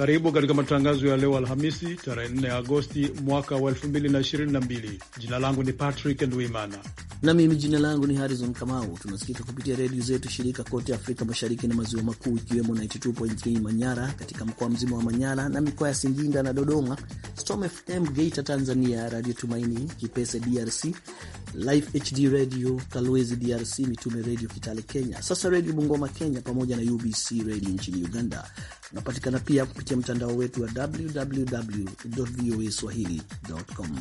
Karibu katika matangazo ya leo Alhamisi, tarehe 4 Agosti mwaka wa 2022. Jina langu ni Patrick Ndwimana na mimi jina langu ni Harrison Kamau. Tunasikika kupitia redio zetu shirika kote Afrika Mashariki na Maziwa Makuu, ikiwemo 92.3 Manyara katika mkoa mzima wa Manyara na mikoa ya Singinda na Dodoma, Storm FM Geita Tanzania, Radio Tumaini Kipese DRC, Life HD Radio Kalwezi DRC, Mitume Radio Kitale Kenya, Sasa redio Bungoma Kenya, pamoja na UBC Radio nchini Uganda. Tunapatikana pia kupitia mtandao wetu wa www.voaswahili.com.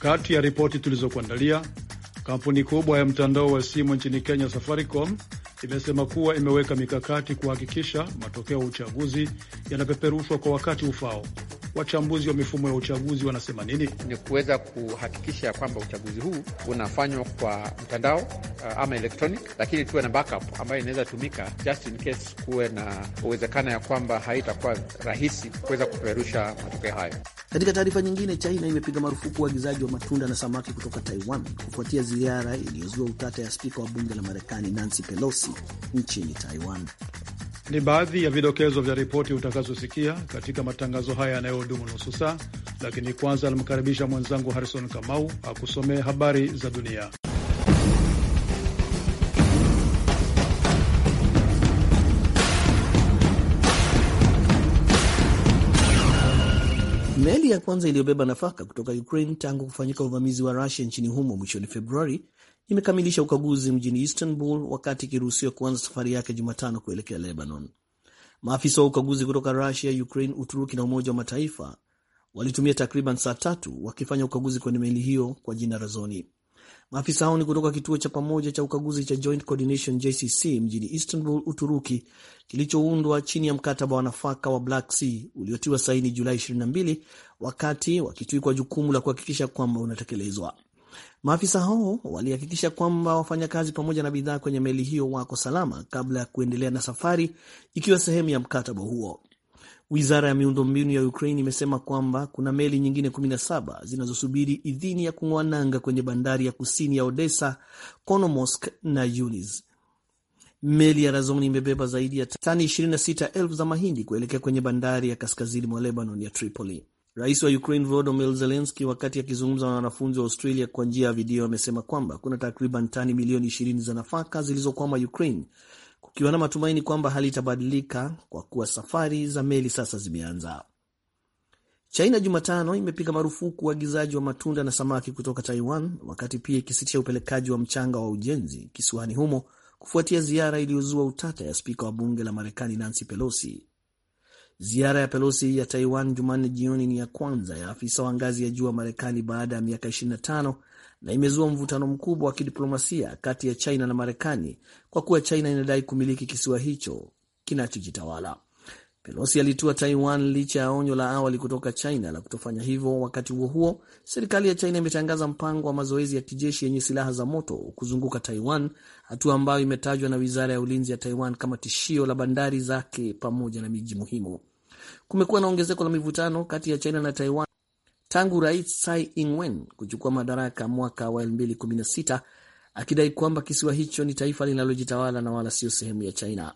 Kati ya ripoti tulizokuandalia, kampuni kubwa ya mtandao wa simu nchini Kenya, Safaricom, imesema kuwa imeweka mikakati kuhakikisha matokeo ya uchaguzi yanapeperushwa kwa wakati ufao wachambuzi wa mifumo ya uchaguzi wanasema nini? Ni kuweza kuhakikisha ya kwamba uchaguzi huu unafanywa kwa mtandao uh, ama electronic, lakini tuwe na backup ambayo inaweza tumika just in case kuwe na uwezekano ya kwamba haitakuwa rahisi kuweza kupeperusha matokeo hayo. Katika taarifa nyingine, China imepiga marufuku uagizaji wa matunda na samaki kutoka Taiwan kufuatia ziara iliyozua utata ya spika wa bunge la Marekani Nancy Pelosi nchini Taiwan. Ni baadhi ya vidokezo vya ripoti utakazosikia katika matangazo haya yanayohudumu nusu saa, lakini kwanza anamkaribisha mwenzangu Harrison Kamau akusomee habari za dunia. Meli ya kwanza iliyobeba nafaka kutoka Ukraine tangu kufanyika uvamizi wa Rusia nchini humo mwishoni Februari imekamilisha ukaguzi mjini Istanbul wakati ikiruhusiwa kuanza safari yake Jumatano kuelekea Lebanon. Maafisa wa ukaguzi kutoka Rusia, Ukraine, Uturuki na Umoja wa Mataifa walitumia takriban saa tatu wakifanya ukaguzi kwenye meli hiyo kwa jina Razoni. Maafisa hao ni kutoka kituo cha pamoja cha ukaguzi cha Joint Coordination JCC mjini Istanbul, Uturuki, kilichoundwa chini ya mkataba wa nafaka wa Black Sea uliotiwa saini Julai 22 wakati wakitwikwa jukumu la kuhakikisha kwamba unatekelezwa. Maafisa hao walihakikisha kwamba wafanyakazi pamoja na bidhaa kwenye meli hiyo wako salama kabla ya kuendelea na safari, ikiwa sehemu ya mkataba huo. Wizara ya miundombinu ya Ukraine imesema kwamba kuna meli nyingine 17 zinazosubiri idhini ya kung'oa nanga kwenye bandari ya kusini ya Odessa, Konomosk na Yunis. Meli ya Razoni imebeba zaidi ya tani 26,000 za mahindi kuelekea kwenye bandari ya kaskazini mwa Lebanon ya Tripoli. Rais wa Ukraine Volodymyr Zelensky wakati akizungumza na wanafunzi wa Australia kwa njia ya video amesema kwamba kuna takriban tani milioni ishirini za nafaka zilizokwama Ukraine, kukiwa na matumaini kwamba hali itabadilika kwa kuwa safari za meli sasa zimeanza. China Jumatano imepiga marufuku uagizaji wa, wa matunda na samaki kutoka Taiwan, wakati pia ikisitisha upelekaji wa mchanga wa ujenzi kisiwani humo kufuatia ziara iliyozua utata ya spika wa bunge la Marekani Nancy Pelosi Ziara ya Pelosi ya Taiwan Jumanne jioni ni ya kwanza ya afisa wa ngazi ya juu wa Marekani baada ya miaka 25 na imezua mvutano mkubwa wa kidiplomasia kati ya China na Marekani kwa kuwa China inadai kumiliki kisiwa hicho kinachojitawala. Pelosi alitua Taiwan licha ya onyo la awali kutoka China la kutofanya hivyo. Wakati huo huo, serikali ya China imetangaza mpango wa mazoezi ya kijeshi yenye silaha za moto kuzunguka Taiwan, hatua ambayo imetajwa na wizara ya ulinzi ya Taiwan kama tishio la bandari zake pamoja na miji muhimu. Kumekuwa na ongezeko la mivutano kati ya China na Taiwan tangu Rais Tsai Ing-wen kuchukua madaraka mwaka wa 2016 akidai kwamba kisiwa hicho ni taifa linalojitawala na wala sio sehemu ya China.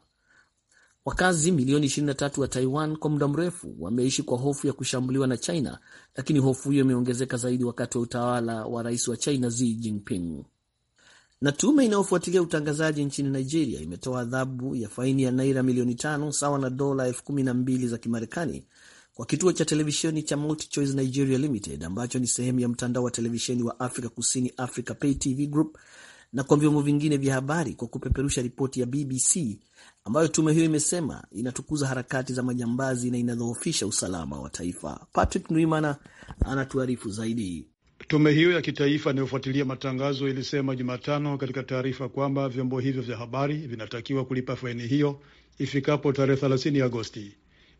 Wakazi milioni 23 wa Taiwan kwa muda mrefu wameishi kwa hofu ya kushambuliwa na China, lakini hofu hiyo imeongezeka zaidi wakati wa utawala wa rais wa China Xi Jinping. Na tume inayofuatilia utangazaji nchini Nigeria imetoa adhabu ya faini ya naira milioni tano sawa na dola elfu kumi na mbili za Kimarekani kwa kituo cha televisheni cha MultiChoice Nigeria Limited ambacho ni sehemu ya mtandao wa televisheni wa Afrika Kusini Africa Pay TV Group na kwa vyombo vingine vya habari kwa kupeperusha ripoti ya BBC ambayo tume hiyo imesema inatukuza harakati za majambazi na inadhoofisha usalama wa taifa. Patrick Nwimana anatuarifu zaidi. Tume hiyo ya kitaifa inayofuatilia matangazo ilisema Jumatano katika taarifa kwamba vyombo hivyo vya habari vinatakiwa kulipa faini hiyo ifikapo tarehe 30 Agosti.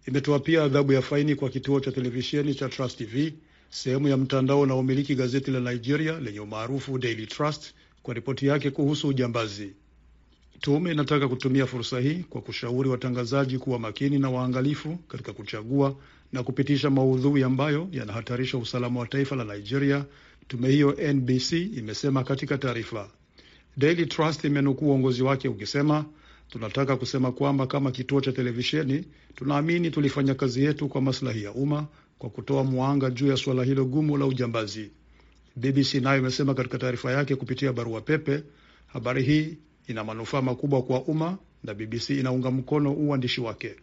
Imetoa pia adhabu ya faini kwa kituo cha televisheni cha Trust TV, sehemu ya mtandao na umiliki gazeti la Nigeria lenye umaarufu Daily Trust kwa ripoti yake kuhusu ujambazi. Tume inataka kutumia fursa hii kwa kushauri watangazaji kuwa makini na waangalifu katika kuchagua na kupitisha maudhui ambayo yanahatarisha usalama wa taifa la Nigeria, tume hiyo NBC imesema katika taarifa. Daily Trust imenukuu uongozi wake ukisema, tunataka kusema kwamba kama kituo cha televisheni tunaamini tulifanya kazi yetu kwa maslahi ya umma kwa kutoa mwanga juu ya suala hilo gumu la ujambazi. BBC nayo imesema katika taarifa yake kupitia barua pepe, habari hii ina manufaa makubwa kwa umma na BBC inaunga mkono uandishi wake.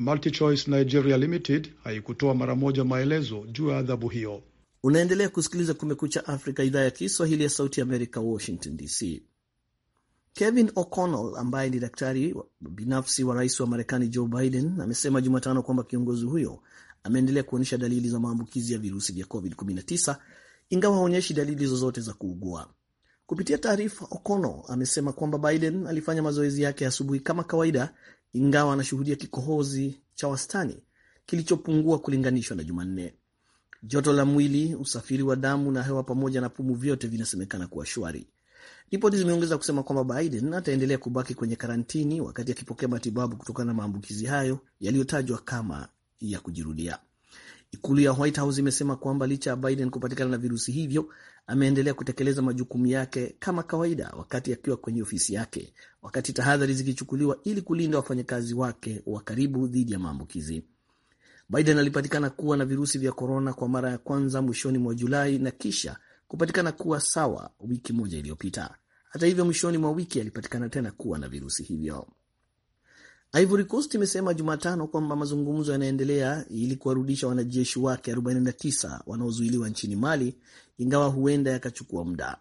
MultiChoice Nigeria Limited haikutoa mara moja maelezo juu ya adhabu hiyo. Unaendelea kusikiliza Kumekucha Afrika, idhaa ya Kiswahili ya Sauti Amerika, Washington DC. Kevin O'Connell ambaye ni daktari binafsi wa rais wa Marekani Joe Biden amesema Jumatano kwamba kiongozi huyo ameendelea kuonyesha dalili za maambukizi ya virusi vya COVID-19 ingawa haonyeshi dalili zozote za kuugua. Kupitia taarifa, Okono amesema kwamba Biden alifanya mazoezi yake asubuhi kama kawaida, ingawa anashuhudia kikohozi cha wastani kilichopungua kulinganishwa na Jumanne. Joto la mwili, usafiri wa damu na hewa, pamoja na pumu, vyote vinasemekana kuwa shwari. Ripoti zimeongeza kusema kwamba Biden ataendelea kubaki kwenye karantini wakati akipokea matibabu kutokana na maambukizi hayo yaliyotajwa kama ya kujirudia. Ikulu ya White House imesema kwamba licha ya Biden kupatikana na virusi hivyo, ameendelea kutekeleza majukumu yake kama kawaida wakati akiwa kwenye ofisi yake, wakati tahadhari zikichukuliwa ili kulinda wafanyakazi wake wa karibu dhidi ya maambukizi. Biden alipatikana kuwa na virusi vya korona kwa mara ya kwanza mwishoni mwa Julai na kisha kupatikana kuwa sawa wiki moja iliyopita. Hata hivyo, mwishoni mwa wiki alipatikana tena kuwa na virusi hivyo. Ivory Coast imesema Jumatano kwamba mazungumzo yanaendelea ili kuwarudisha wanajeshi wake 49 wanaozuiliwa nchini Mali, ingawa huenda yakachukua muda,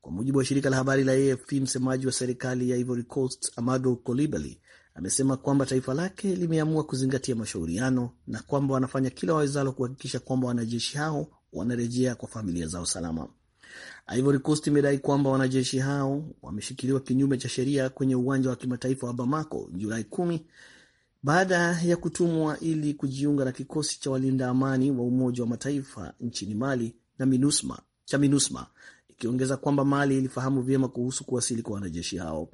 kwa mujibu wa shirika la habari la AFP. Msemaji wa serikali ya Ivory Coast Amado Coulibaly amesema kwamba taifa lake limeamua kuzingatia mashauriano na kwamba wanafanya kila wawezalo kuhakikisha kwamba wanajeshi hao wanarejea kwa familia zao salama. Ivory Coast imedai kwamba wanajeshi hao wameshikiliwa kinyume cha sheria kwenye uwanja wa kimataifa wa Bamako Julai kumi baada ya kutumwa ili kujiunga na kikosi cha walinda amani wa Umoja wa Mataifa nchini Mali na MINUSMA, cha MINUSMA, ikiongeza kwamba Mali ilifahamu vyema kuhusu kuwasili kwa wanajeshi hao.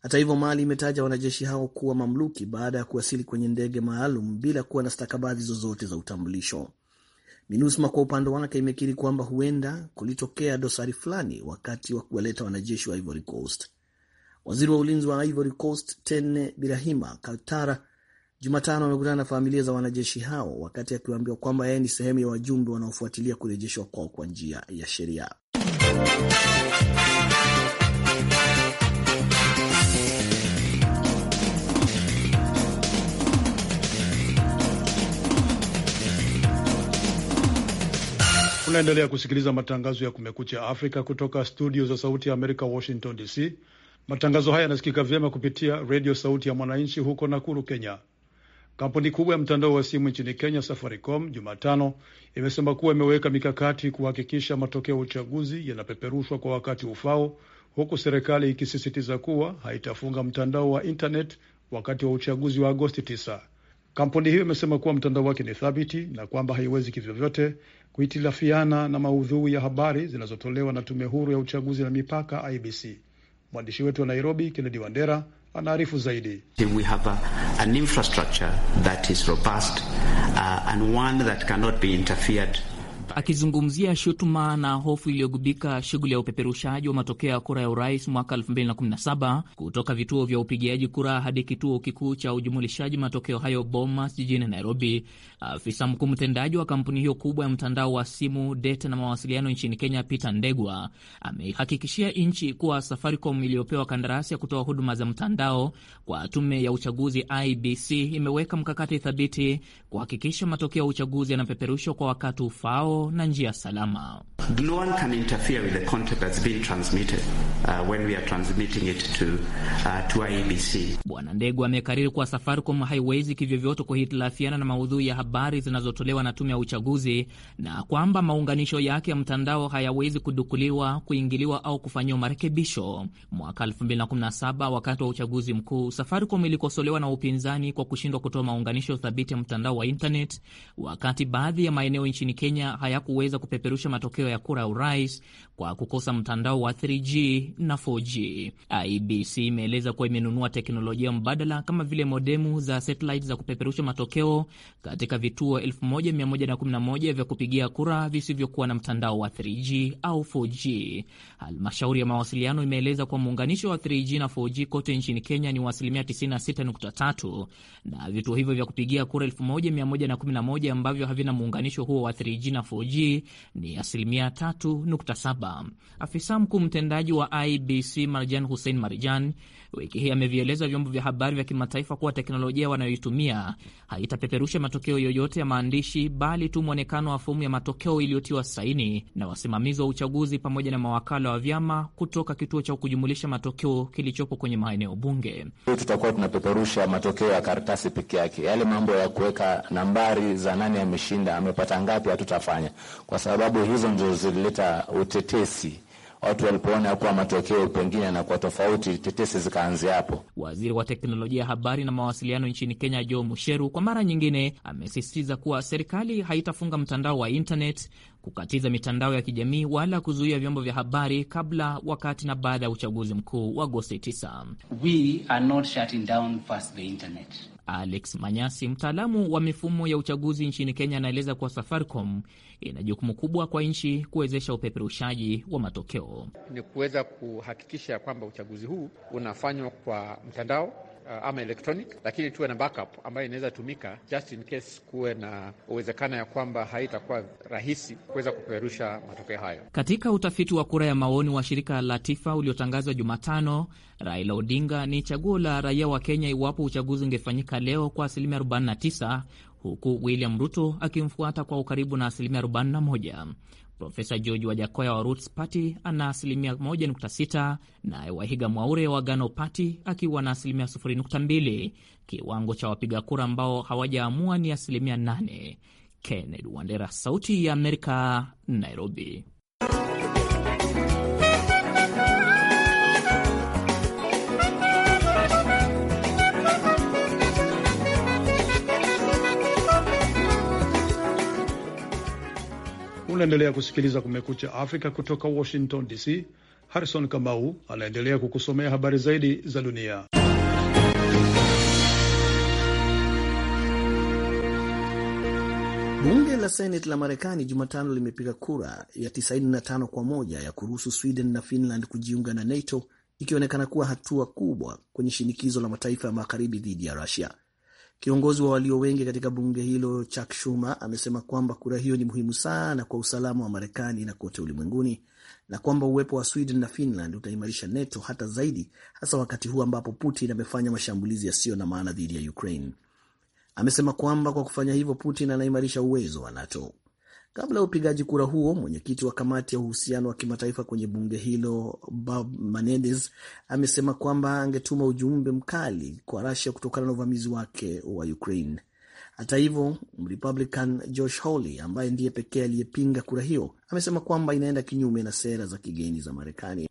Hata hivyo, Mali imetaja wanajeshi hao kuwa mamluki baada ya kuwasili kwenye ndege maalum bila kuwa na stakabadhi zozote za utambulisho. MINUSMA kwa upande wake imekiri kwamba huenda kulitokea dosari fulani wakati wa kuwaleta wanajeshi wa Ivory Coast. Waziri wa ulinzi wa Ivory Coast Tene Birahima Kaltara Jumatano amekutana na familia za wanajeshi hao wakati akiwaambia kwamba yeye ni sehemu ya wajumbe wanaofuatilia kurejeshwa kwao kwa njia ya sheria. Unaendelea kusikiliza matangazo ya Kumekucha Afrika kutoka studio za Sauti ya Amerika, Washington DC. Matangazo haya yanasikika vyema kupitia Redio Sauti ya Mwananchi huko Nakuru, Kenya. Kampuni kubwa ya mtandao wa simu nchini Kenya, Safaricom, Jumatano imesema kuwa imeweka mikakati kuhakikisha matokeo ya uchaguzi yanapeperushwa kwa wakati ufao, huku serikali ikisisitiza kuwa haitafunga mtandao wa intanet wakati wa uchaguzi wa Agosti 9. Kampuni hiyo imesema kuwa mtandao wake ni thabiti na kwamba haiwezi kivyovyote kuhitilafiana na maudhui ya habari zinazotolewa na Tume Huru ya Uchaguzi na Mipaka, IBC. Mwandishi wetu wa Nairobi, Kennedy Wandera, anaarifu zaidi. We have a, an infrastructure that is robust, uh, and one that cannot be interfered Akizungumzia shutuma na hofu iliyogubika shughuli ya upeperushaji wa matokeo ya kura ya urais mwaka 2017 kutoka vituo vya upigiaji kura hadi kituo kikuu cha ujumulishaji matokeo hayo Bomas jijini Nairobi, afisa mkuu mtendaji wa kampuni hiyo kubwa ya mtandao wa simu, data na mawasiliano nchini Kenya, Peter Ndegwa ameihakikishia nchi kuwa Safaricom iliyopewa kandarasi ya kutoa huduma za mtandao kwa tume ya uchaguzi IBC imeweka mkakati thabiti kuhakikisha matokeo ya uchaguzi yanapeperushwa kwa wakati ufao na njia salama one can interfere with the content that's being transmitted uh, when we are transmitting it to, uh, to IEBC. Bwana Ndegwa amekariri kuwa Safaricom haiwezi kivyovyote kuhitilafiana na maudhui ya habari zinazotolewa na tume ya uchaguzi na kwamba maunganisho yake ya mtandao hayawezi kudukuliwa, kuingiliwa au kufanyiwa marekebisho. Mwaka 2017 wakati wa uchaguzi mkuu, Safaricom ilikosolewa na upinzani kwa kushindwa kutoa maunganisho thabiti ya mtandao wa internet, wakati baadhi ya maeneo nchini Kenya hayakuweza kupeperusha matokeo ya kura ya urais kwa kukosa mtandao wa 3G na 4G. IBC imeeleza kuwa imenunua teknolojia mbadala kama vile modemu za satellite za kupeperusha matokeo katika vituo 1111 vya kupigia kura visivyokuwa na mtandao wa 3G au 4G. Halmashauri ya mawasiliano imeeleza kuwa muunganisho wa 3G na 4G kote nchini Kenya ni wa asilimia 96.3 na vituo hivyo vya kupigia kura 1111 ambavyo havina muunganisho huo wa 3G na 4G ni asilimia 3.7. Afisa mkuu mtendaji wa IBC Marjan Hussein Marjan wiki hii amevieleza vyombo vya habari vya kimataifa kuwa teknolojia wanayoitumia haitapeperusha matokeo yoyote ya maandishi, bali tu mwonekano wa fomu ya matokeo iliyotiwa saini na wasimamizi wa uchaguzi pamoja na mawakala wa vyama kutoka kituo cha kujumulisha matokeo kilichopo kwenye maeneo bunge. Tutakuwa tunapeperusha matokeo ya karatasi peke yake. Yale mambo ya kuweka nambari za nani ameshinda, amepata ngapi, hatutafanya kwa sababu hizo ndio zilileta utetesi watu walipoona kuwa matokeo pengine yanakuwa tofauti, tetesi zikaanzia hapo. Waziri wa teknolojia ya habari na mawasiliano nchini Kenya, Joe Musheru, kwa mara nyingine amesisitiza kuwa serikali haitafunga mtandao wa internet, kukatiza mitandao ya kijamii, wala kuzuia vyombo vya habari kabla, wakati na baada ya uchaguzi mkuu wa Agosti 9. Alex Manyasi, mtaalamu wa mifumo ya uchaguzi nchini Kenya, anaeleza kuwa Safaricom ina jukumu kubwa kwa nchi kuwezesha upeperushaji wa matokeo. Ni kuweza kuhakikisha kwamba uchaguzi huu unafanywa kwa mtandao uh, ama electronic, lakini tuwe na backup ambayo inaweza tumika just in case kuwe na uwezekano ya kwamba haitakuwa rahisi kuweza kupeperusha matokeo hayo. Katika utafiti wa kura ya maoni wa shirika la Tifa uliotangazwa Jumatano, Raila Odinga ni chaguo la raia wa Kenya iwapo uchaguzi ungefanyika leo kwa asilimia 49 huku William Ruto akimfuata kwa ukaribu na asilimia 41. Profesa George Wajakoya wa Roots Party ana asilimia 1.6, naye Wahiga Mwaure wa Gano Party akiwa na asilimia 0.2. Kiwango cha wapiga kura ambao hawajaamua ni asilimia 8. kenned Wandera, Sauti ya Amerika, Nairobi. Unaendelea kusikiliza Kumekucha Afrika kutoka Washington DC. Harrison Kamau anaendelea kukusomea habari zaidi za dunia. Bunge la Seneti la Marekani Jumatano limepiga kura ya 95 kwa moja ya kuruhusu Sweden na Finland kujiunga na NATO, ikionekana kuwa hatua kubwa kwenye shinikizo la mataifa ya magharibi dhidi ya Rusia. Kiongozi wa walio wengi katika bunge hilo Chuck Schumer amesema kwamba kura hiyo ni muhimu sana kwa usalama wa Marekani na kote ulimwenguni na kwamba uwepo wa Sweden na Finland utaimarisha NATO hata zaidi, hasa wakati huu ambapo Putin amefanya mashambulizi yasiyo na maana dhidi ya Ukraine. Amesema kwamba kwa kufanya hivyo Putin anaimarisha uwezo wa NATO. Kabla ya upigaji kura huo, mwenyekiti wa kamati ya uhusiano wa kimataifa kwenye bunge hilo Bob Menendez amesema kwamba angetuma ujumbe mkali kwa rasia kutokana na uvamizi wake wa Ukraine. Hata hivyo, republican Josh Hawley ambaye ndiye pekee aliyepinga kura hiyo amesema kwamba inaenda kinyume na sera za kigeni za Marekani.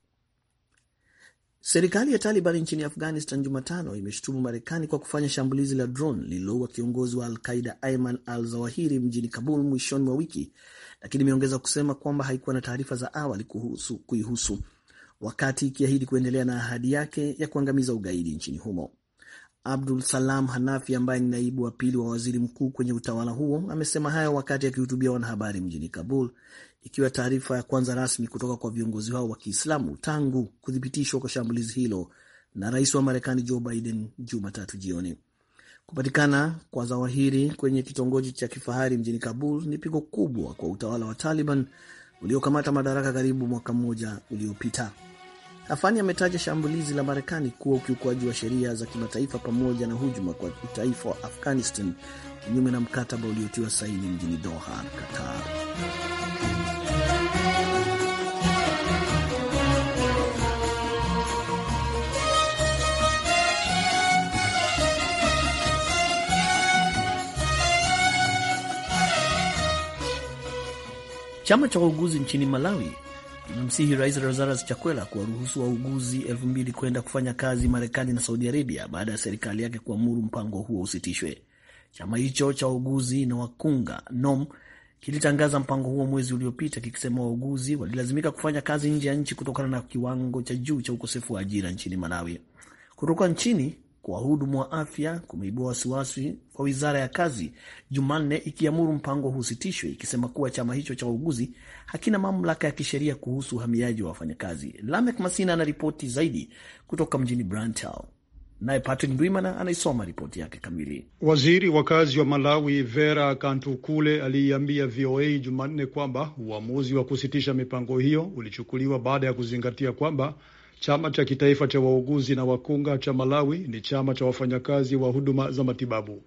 Serikali ya Taliban nchini Afghanistan Jumatano imeshutumu Marekani kwa kufanya shambulizi la drone lililoua kiongozi wa Alqaida Ayman al Zawahiri mjini Kabul mwishoni mwa wiki, lakini imeongeza kusema kwamba haikuwa na taarifa za awali kuhusu kuihusu, wakati ikiahidi kuendelea na ahadi yake ya kuangamiza ugaidi nchini humo. Abdul Salam Hanafi ambaye ni naibu wa pili wa waziri mkuu kwenye utawala huo amesema hayo wakati akihutubia wanahabari mjini Kabul, ikiwa taarifa ya kwanza rasmi kutoka kwa viongozi hao wa Kiislamu tangu kuthibitishwa kwa shambulizi hilo na rais wa Marekani Joe Biden Jumatatu jioni. Kupatikana kwa Zawahiri kwenye kitongoji cha kifahari mjini Kabul ni pigo kubwa kwa utawala wa Taliban uliokamata madaraka karibu mwaka mmoja uliopita afani ametaja shambulizi la Marekani kuwa ukiukwaji wa sheria za kimataifa pamoja na hujuma kwa utaifa wa Afghanistan kinyume na mkataba uliotiwa saini mjini Doha, Qatar. Chama cha wauguzi nchini Malawi Inamsihi rais Lazarus Chakwera kuwaruhusu wauguzi elfu mbili kwenda kufanya kazi Marekani na Saudi Arabia baada ya serikali yake kuamuru mpango huo usitishwe. Chama hicho cha wauguzi na wakunga NOM kilitangaza mpango huo mwezi uliopita kikisema wauguzi walilazimika kufanya kazi nje ya nchi kutokana na kiwango cha juu cha ukosefu wa ajira nchini Malawi. Kutoka nchini kwa wahudumu wa afya kumeibua wasiwasi kwa wizara ya kazi, Jumanne ikiamuru mpango husitishwe, ikisema kuwa chama hicho cha wauguzi hakina mamlaka ya kisheria kuhusu uhamiaji wa wafanyakazi. Lamek Masina anaripoti zaidi kutoka mjini Brantown. Naye Patrick Ndwimana anaisoma ripoti yake kamili. Waziri wa kazi wa Malawi Vera Kantukule aliiambia VOA Jumanne kwamba uamuzi wa kusitisha mipango hiyo ulichukuliwa baada ya kuzingatia kwamba Chama cha kitaifa cha wauguzi na wakunga cha Malawi ni chama cha wafanyakazi wa huduma za matibabu.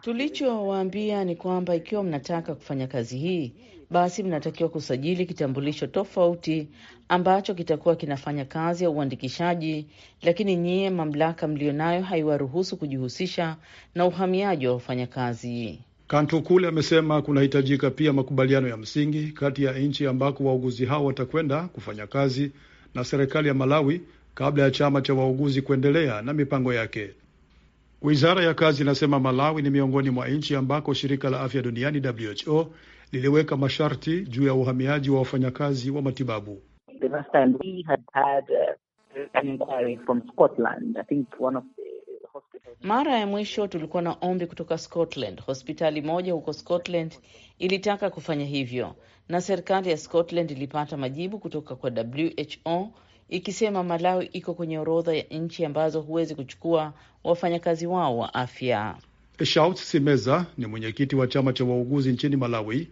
Tulichowaambia ni kwamba ikiwa mnataka kufanya kazi hii, basi mnatakiwa kusajili kitambulisho tofauti ambacho kitakuwa kinafanya kazi ya uandikishaji, lakini nyie, mamlaka mlionayo haiwaruhusu kujihusisha na uhamiaji wa wafanyakazi. Kantukule amesema kunahitajika pia makubaliano ya msingi kati ya nchi ambako wauguzi hao watakwenda kufanya kazi na serikali ya Malawi kabla ya chama cha wauguzi kuendelea na mipango yake. Wizara ya kazi inasema Malawi ni miongoni mwa nchi ambako shirika la afya duniani WHO liliweka masharti juu ya uhamiaji wa wafanyakazi wa matibabu. The last time we had had uh, an inquiry from Scotland, I think one of mara ya mwisho tulikuwa na ombi kutoka Scotland. Hospitali moja huko Scotland ilitaka kufanya hivyo, na serikali ya Scotland ilipata majibu kutoka kwa WHO ikisema Malawi iko kwenye orodha ya nchi ambazo huwezi kuchukua wafanyakazi wao wa afya. Shaut Simeza ni mwenyekiti wa chama cha wauguzi nchini Malawi.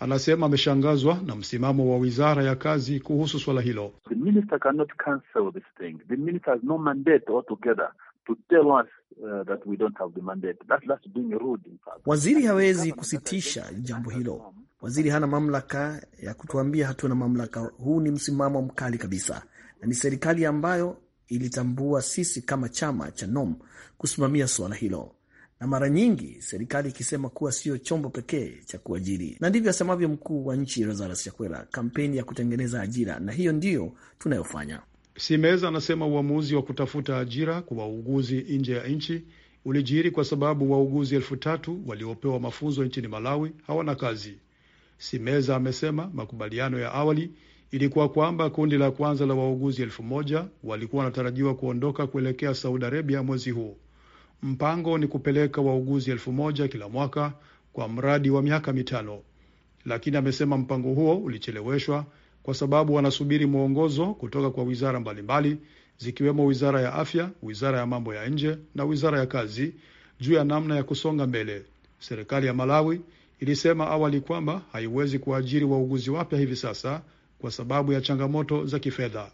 Anasema ameshangazwa na msimamo wa wizara ya kazi kuhusu swala hilo. The minister cannot cancel this thing. The minister has no mandate altogether to tell us uh, that we don't have the mandate. That, that's being rude in fact. Waziri hawezi kusitisha jambo hilo. Waziri hana mamlaka ya kutuambia hatuna mamlaka. Huu ni msimamo mkali kabisa, na ni serikali ambayo ilitambua sisi kama chama cha NOM kusimamia suala hilo, na mara nyingi serikali ikisema kuwa sio chombo pekee cha kuajiri, na ndivyo asemavyo mkuu wa nchi Lazarus Chakwera, kampeni ya kutengeneza ajira, na hiyo ndiyo tunayofanya. Simez anasema uamuzi wa kutafuta ajira kwa wauguzi nje ya nchi ulijiri kwa sababu wauguzi elfu tatu waliopewa mafunzo nchini Malawi hawana kazi. Simeza amesema makubaliano ya awali ilikuwa kwamba kundi la kwanza la wauguzi elfu moja walikuwa wanatarajiwa kuondoka kuelekea Saudi Arabia mwezi huu. Mpango ni kupeleka wauguzi elfu moja kila mwaka kwa mradi wa miaka mitano, lakini amesema mpango huo ulicheleweshwa kwa sababu wanasubiri mwongozo kutoka kwa wizara mbalimbali zikiwemo wizara ya afya, wizara ya mambo ya nje na wizara ya kazi juu ya namna ya kusonga mbele. Serikali ya Malawi ilisema awali kwamba haiwezi kuajiri wauguzi wapya hivi sasa kwa sababu ya changamoto za kifedha.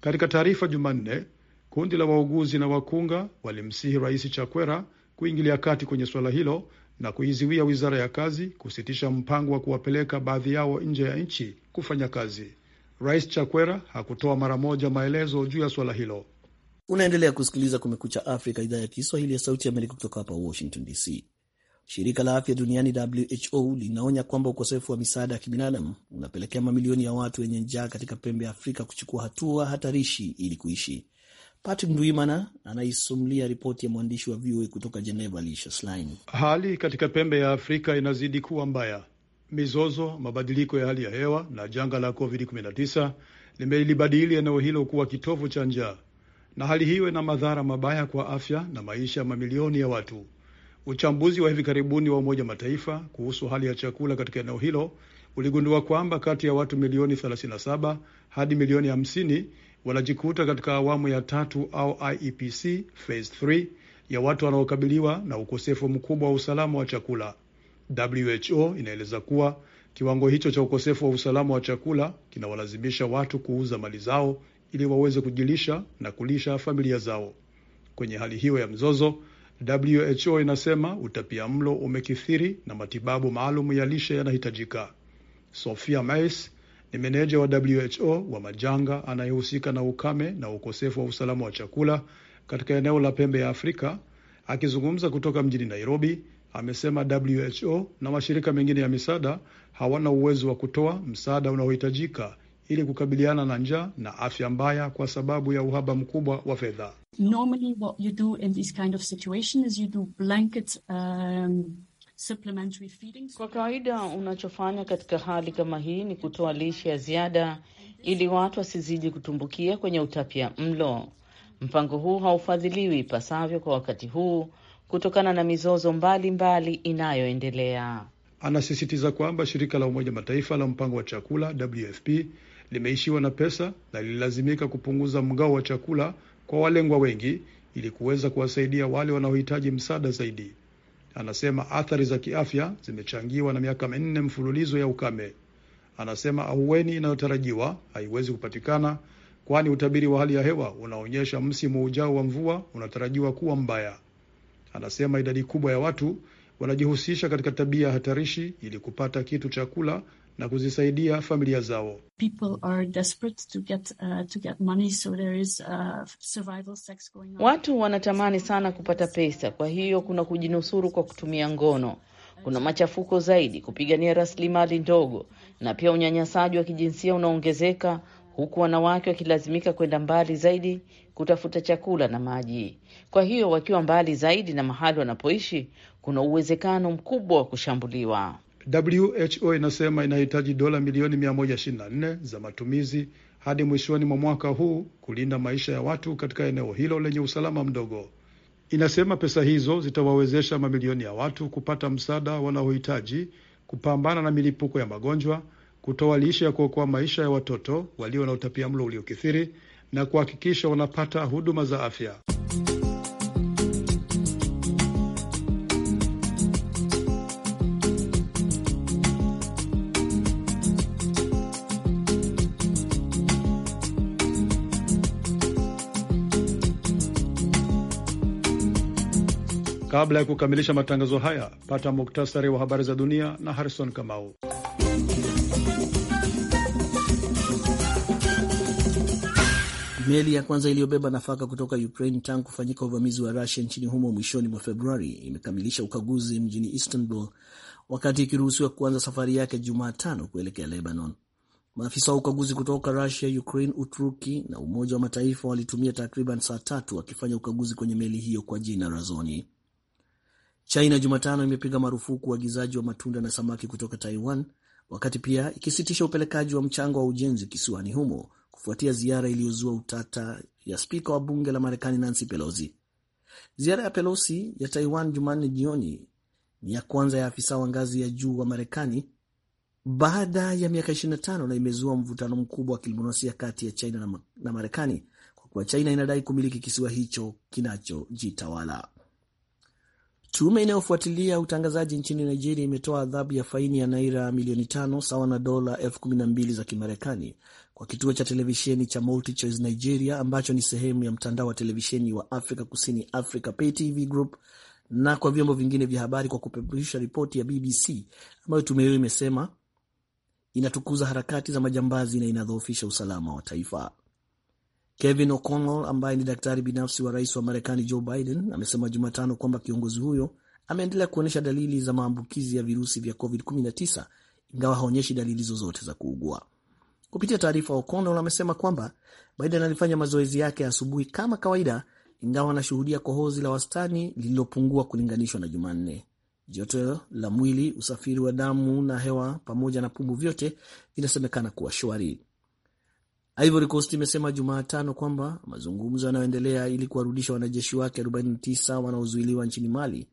Katika taarifa Jumanne, kundi la wauguzi na wakunga walimsihi Rais Chakwera kuingilia kati kwenye suala hilo na kuiziwia wizara ya kazi kusitisha mpango wa kuwapeleka baadhi yao nje ya nchi kufanya kazi. Rais Chakwera hakutoa mara moja maelezo juu ya suala hilo. Unaendelea kusikiliza Kumekucha Afrika, idhaa ya Kiswahili ya Sauti ya Amerika kutoka hapa Washington DC. Shirika la afya duniani WHO linaonya kwamba ukosefu wa misaada ya kibinadamu unapelekea mamilioni ya watu wenye njaa katika pembe ya Afrika kuchukua hatua hatarishi ili kuishi. Patrick Ndwimana anaisumlia ripoti ya mwandishi wa VOA kutoka Geneva, Lisha Slain. Hali katika pembe ya Afrika inazidi kuwa mbaya. Mizozo, mabadiliko ya hali ya hewa na janga la COVID-19 limelibadili eneo hilo kuwa kitovu cha njaa, na hali hiyo ina madhara mabaya kwa afya na maisha ya mamilioni ya watu. Uchambuzi wa hivi karibuni wa Umoja Mataifa kuhusu hali ya chakula katika eneo hilo uligundua kwamba kati ya watu milioni 37 hadi milioni 50 wanajikuta katika awamu ya tatu au IEPC phase 3 ya watu wanaokabiliwa na ukosefu mkubwa wa usalama wa chakula. WHO inaeleza kuwa kiwango hicho cha ukosefu wa usalama wa chakula kinawalazimisha watu kuuza mali zao ili waweze kujilisha na kulisha familia zao. Kwenye hali hiyo ya mzozo, WHO inasema utapia mlo umekithiri na matibabu maalum ya lishe yanahitajika. Sophia Mais ni meneja wa WHO wa majanga anayehusika na ukame na ukosefu wa usalama wa chakula katika eneo la pembe ya Afrika. Akizungumza kutoka mjini Nairobi, amesema WHO na mashirika mengine ya misaada hawana uwezo wa kutoa msaada unaohitajika ili kukabiliana na njaa na afya mbaya kwa sababu ya uhaba mkubwa wa fedha. Normally what you do in this kind of situation is you do blanket um, kwa kawaida unachofanya katika hali kama hii ni kutoa lishe ya ziada ili watu wasizidi kutumbukia kwenye utapia mlo. Mpango huu haufadhiliwi ipasavyo kwa wakati huu kutokana na mizozo mbalimbali inayoendelea. Anasisitiza kwamba shirika la Umoja Mataifa la mpango wa chakula WFP limeishiwa na pesa na lililazimika kupunguza mgao wa chakula kwa walengwa wengi ili kuweza kuwasaidia wale wanaohitaji msaada zaidi. Anasema athari za kiafya zimechangiwa na miaka minne mfululizo ya ukame. Anasema ahueni inayotarajiwa haiwezi kupatikana, kwani utabiri wa hali ya hewa unaonyesha msimu ujao wa mvua unatarajiwa kuwa mbaya. Anasema idadi kubwa ya watu wanajihusisha katika tabia hatarishi ili kupata kitu cha kula na kuzisaidia familia zao. Uh, uh, Watu wanatamani sana kupata pesa, kwa hiyo kuna kujinusuru kwa kutumia ngono, kuna machafuko zaidi, kupigania rasilimali ndogo, na pia unyanyasaji wa kijinsia unaongezeka huku wanawake wakilazimika kwenda mbali zaidi kutafuta chakula na maji. Kwa hiyo wakiwa mbali zaidi na mahali wanapoishi, kuna uwezekano mkubwa wa kushambuliwa. WHO inasema inahitaji dola milioni 124 za matumizi hadi mwishoni mwa mwaka huu kulinda maisha ya watu katika eneo hilo lenye usalama mdogo. Inasema pesa hizo zitawawezesha mamilioni ya watu kupata msaada wanaohitaji, kupambana na milipuko ya magonjwa, kutoa lishe ya kuokoa maisha ya watoto walio na utapiamlo uliokithiri na kuhakikisha wanapata huduma za afya. Kabla ya kukamilisha matangazo haya, pata muktasari wa habari za dunia na Harrison Kamau. Meli ya kwanza iliyobeba nafaka kutoka Ukraine tangu kufanyika uvamizi wa Rusia nchini humo mwishoni mwa Februari imekamilisha ukaguzi mjini Istanbul, wakati ikiruhusiwa kuanza safari yake Jumatano kuelekea Lebanon. Maafisa wa ukaguzi kutoka Rusia, Ukraine, Uturuki na Umoja wa Mataifa walitumia takriban saa tatu wakifanya ukaguzi kwenye meli hiyo kwa jina Razoni. China Jumatano imepiga marufuku uagizaji wa, wa matunda na samaki kutoka Taiwan, wakati pia ikisitisha upelekaji wa mchango wa ujenzi kisiwani humo kufuatia ziara iliyozua utata ya spika wa bunge la Marekani Nancy Pelosi. Ziara ya Pelosi ya Taiwan Jumanne jioni ni ya kwanza ya afisa wa ngazi ya juu wa Marekani baada ya miaka 25 na imezua mvutano mkubwa wa kidiplomasia kati ya China na Marekani kwa kuwa China inadai kumiliki kisiwa hicho kinachojitawala. Tume inayofuatilia utangazaji nchini Nigeria imetoa adhabu ya faini ya naira milioni tano sawa na dola elfu kumi na mbili za Kimarekani kwa kituo cha televisheni cha MultiChoice Nigeria ambacho ni sehemu ya mtandao wa televisheni wa Afrika Kusini Africa Pay TV Group na kwa vyombo vingine vya habari kwa kupeperusha ripoti ya BBC ambayo tume hiyo imesema inatukuza harakati za majambazi na inadhoofisha usalama wa taifa. Kevin O'Connell ambaye ni daktari binafsi wa rais wa Marekani Joe Biden amesema Jumatano kwamba kiongozi huyo ameendelea kuonyesha dalili za maambukizi ya virusi vya COVID-19 ingawa haonyeshi dalili zozote za kuugua. Kupitia taarifa, O'Connell amesema kwamba Biden alifanya mazoezi yake asubuhi kama kawaida, ingawa anashuhudia kohozi la wastani lililopungua kulinganishwa na Jumanne. Joto la mwili, usafiri wa damu na hewa pamoja na pumu, vyote vinasemekana kuwa shwari. Ivory Coast imesema Jumatano kwamba mazungumzo yanayoendelea ili kuwarudisha wanajeshi wake 49 wanaozuiliwa nchini Mali,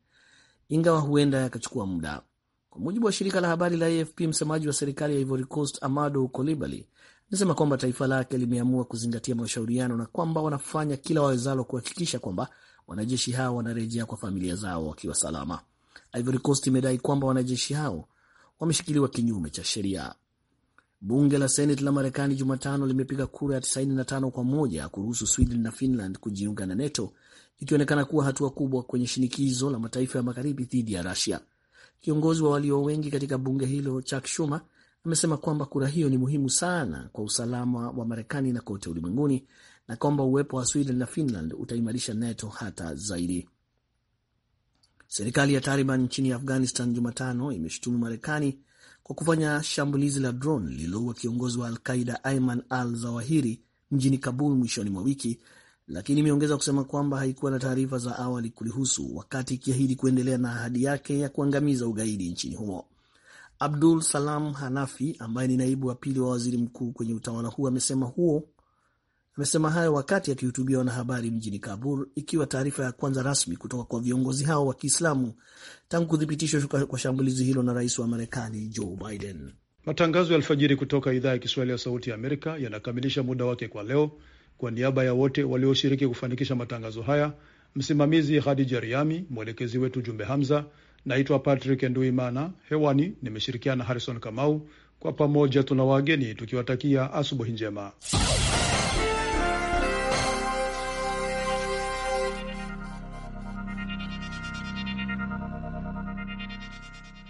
ingawa huenda yakachukua muda. Kwa mujibu wa shirika la habari la AFP, msemaji wa serikali ya Ivory Coast Amado Kolibali amesema kwamba taifa lake limeamua kuzingatia mashauriano na kwamba wanafanya kila wawezalo kuhakikisha kwamba wanajeshi hao wanarejea kwa familia zao wakiwa salama. Ivory Coast imedai kwamba wanajeshi hao wameshikiliwa kinyume cha sheria. Bunge la Seneti la Marekani Jumatano limepiga kura ya 95 kwa moja kuruhusu Sweden na Finland kujiunga na NATO, ikionekana kuwa hatua kubwa kwenye shinikizo la mataifa ya magharibi dhidi ya Rusia. Kiongozi wa walio wengi katika bunge hilo Chuck Schumer amesema kwamba kura hiyo ni muhimu sana kwa usalama wa Marekani na kote ulimwenguni na kwamba uwepo wa Sweden na Finland utaimarisha NATO hata zaidi. Serikali ya Taliban nchini Afghanistan Jumatano imeshutumu Marekani kwa kufanya shambulizi la drone lililoua kiongozi wa alqaida qaida Ayman al-Zawahiri mjini Kabul mwishoni mwa wiki, lakini imeongeza kusema kwamba haikuwa na taarifa za awali kulihusu, wakati ikiahidi kuendelea na ahadi yake ya kuangamiza ugaidi nchini humo. Abdul Salam Hanafi ambaye ni naibu wa pili wa waziri mkuu kwenye utawala huu amesema huo Amesema hayo wakati akihutubia wanahabari mjini Kabul, ikiwa taarifa ya kwanza rasmi kutoka kwa viongozi hao wa Kiislamu tangu kuthibitishwa kwa shambulizi hilo na rais wa Marekani Joe Biden. Matangazo ya alfajiri kutoka idhaa ya Kiswahili ya Sauti ya Amerika yanakamilisha muda wake kwa leo. Kwa niaba ya wote walioshiriki kufanikisha matangazo haya, msimamizi Hadija Riami, mwelekezi wetu Jumbe Hamza. Naitwa Patrick Nduimana, hewani nimeshirikiana na Harrison Kamau. Kwa pamoja tuna wageni tukiwatakia asubuhi njema.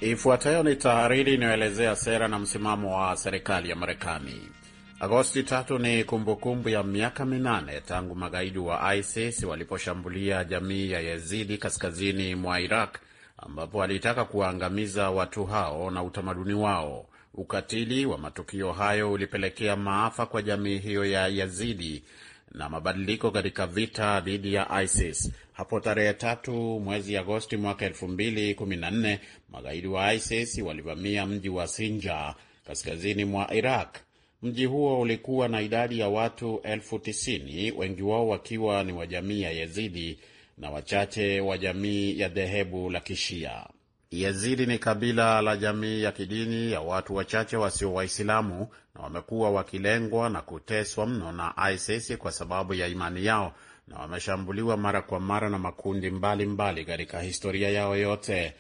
Ifuatayo ni tahariri inayoelezea sera na msimamo wa serikali ya Marekani. Agosti tatu ni kumbukumbu kumbu ya miaka minane tangu magaidi wa ISIS waliposhambulia jamii ya Yazidi kaskazini mwa Iraq, ambapo walitaka kuwaangamiza watu hao na utamaduni wao. Ukatili wa matukio hayo ulipelekea maafa kwa jamii hiyo ya Yazidi na mabadiliko katika vita dhidi ya ISIS. Hapo tarehe tatu mwezi Agosti mwaka nne magaidi wa ISIS walivamia mji wa sinja kaskazini mwa Iraq. Mji huo ulikuwa na idadi ya watu elfu tisini, wengi wao wakiwa ni wa jamii ya yezidi na wachache wa jamii ya dhehebu la Kishia. Yazidi ni kabila la jamii ya kidini ya watu wachache wasio Waislamu na wamekuwa wakilengwa na kuteswa mno na ISIS kwa sababu ya imani yao na wameshambuliwa mara kwa mara na makundi mbalimbali katika mbali historia yao yote.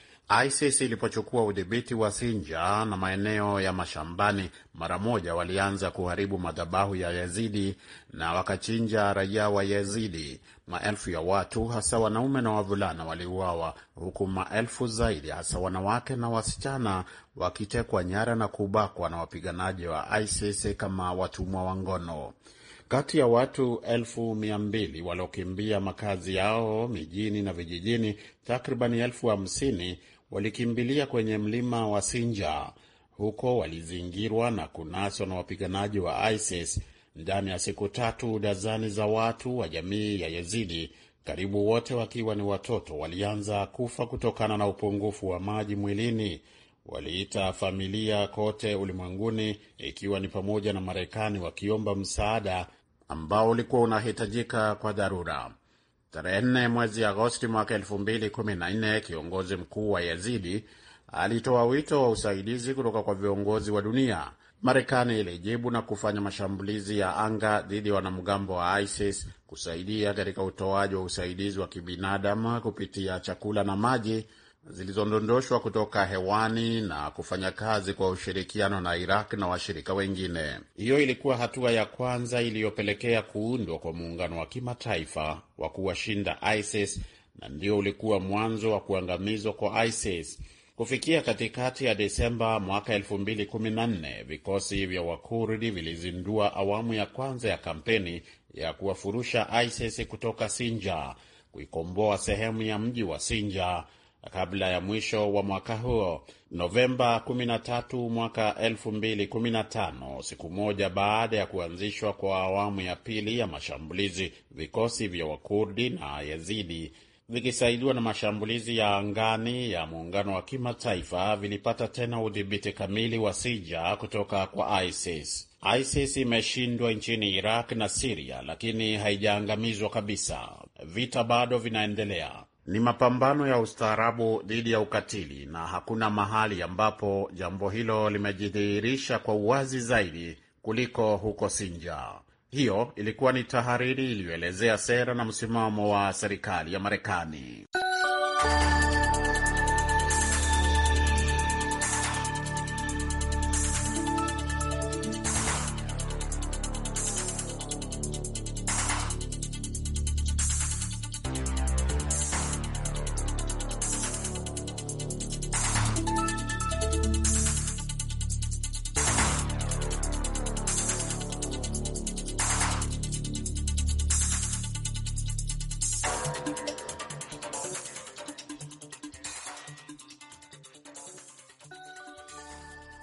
ISIS ilipochukua udhibiti wa Sinja na maeneo ya mashambani, mara moja walianza kuharibu madhabahu ya Yazidi na wakachinja raia wa Yazidi. Maelfu ya watu, hasa wanaume na wavulana, waliuawa huku maelfu zaidi, hasa wanawake na wasichana, wakitekwa nyara na kubakwa na wapiganaji wa ISIS kama watumwa wa ngono. Kati ya watu elfu mia mbili waliokimbia makazi yao mijini na vijijini, takribani elfu hamsini walikimbilia kwenye mlima wa sinja Huko walizingirwa na kunaswa na wapiganaji wa ISIS ndani ya siku tatu. Dazani za watu wa jamii ya Yazidi, karibu wote wakiwa ni watoto, walianza kufa kutokana na upungufu wa maji mwilini. Waliita familia kote ulimwenguni, ikiwa ni pamoja na Marekani, wakiomba msaada ambao ulikuwa unahitajika kwa dharura. Tarehe 4 mwezi Agosti mwaka nne kiongozi mkuu wa Yazidi alitoa wito wa usaidizi kutoka kwa viongozi wa dunia. Marekani ilijibu na kufanya mashambulizi ya anga dhidi ya wanamgambo wa ISIS kusaidia katika utoaji wa usaidizi wa kibinadamu kupitia chakula na maji zilizodondoshwa kutoka hewani na kufanya kazi kwa ushirikiano na Iraq na washirika wengine. Hiyo ilikuwa hatua ya kwanza iliyopelekea kuundwa kwa muungano wa kimataifa wa kuwashinda ISIS na ndio ulikuwa mwanzo wa kuangamizwa kwa ISIS. Kufikia katikati ya Desemba mwaka 2014 vikosi vya Wakurdi vilizindua awamu ya kwanza ya kampeni ya kuwafurusha ISIS kutoka Sinja, kuikomboa sehemu ya mji wa Sinja kabla ya mwisho wa mwaka huo, Novemba 13 mwaka 2015. Siku moja baada ya kuanzishwa kwa awamu ya pili ya mashambulizi, vikosi vya Wakurdi na Yazidi vikisaidiwa na mashambulizi ya angani ya muungano wa kimataifa vilipata tena udhibiti kamili wa Sija kutoka kwa ISIS. ISIS imeshindwa nchini Iraq na Siria, lakini haijaangamizwa kabisa. Vita bado vinaendelea. Ni mapambano ya ustaarabu dhidi ya ukatili, na hakuna mahali ambapo jambo hilo limejidhihirisha kwa uwazi zaidi kuliko huko Sinjar. Hiyo ilikuwa ni tahariri iliyoelezea sera na msimamo wa serikali ya Marekani.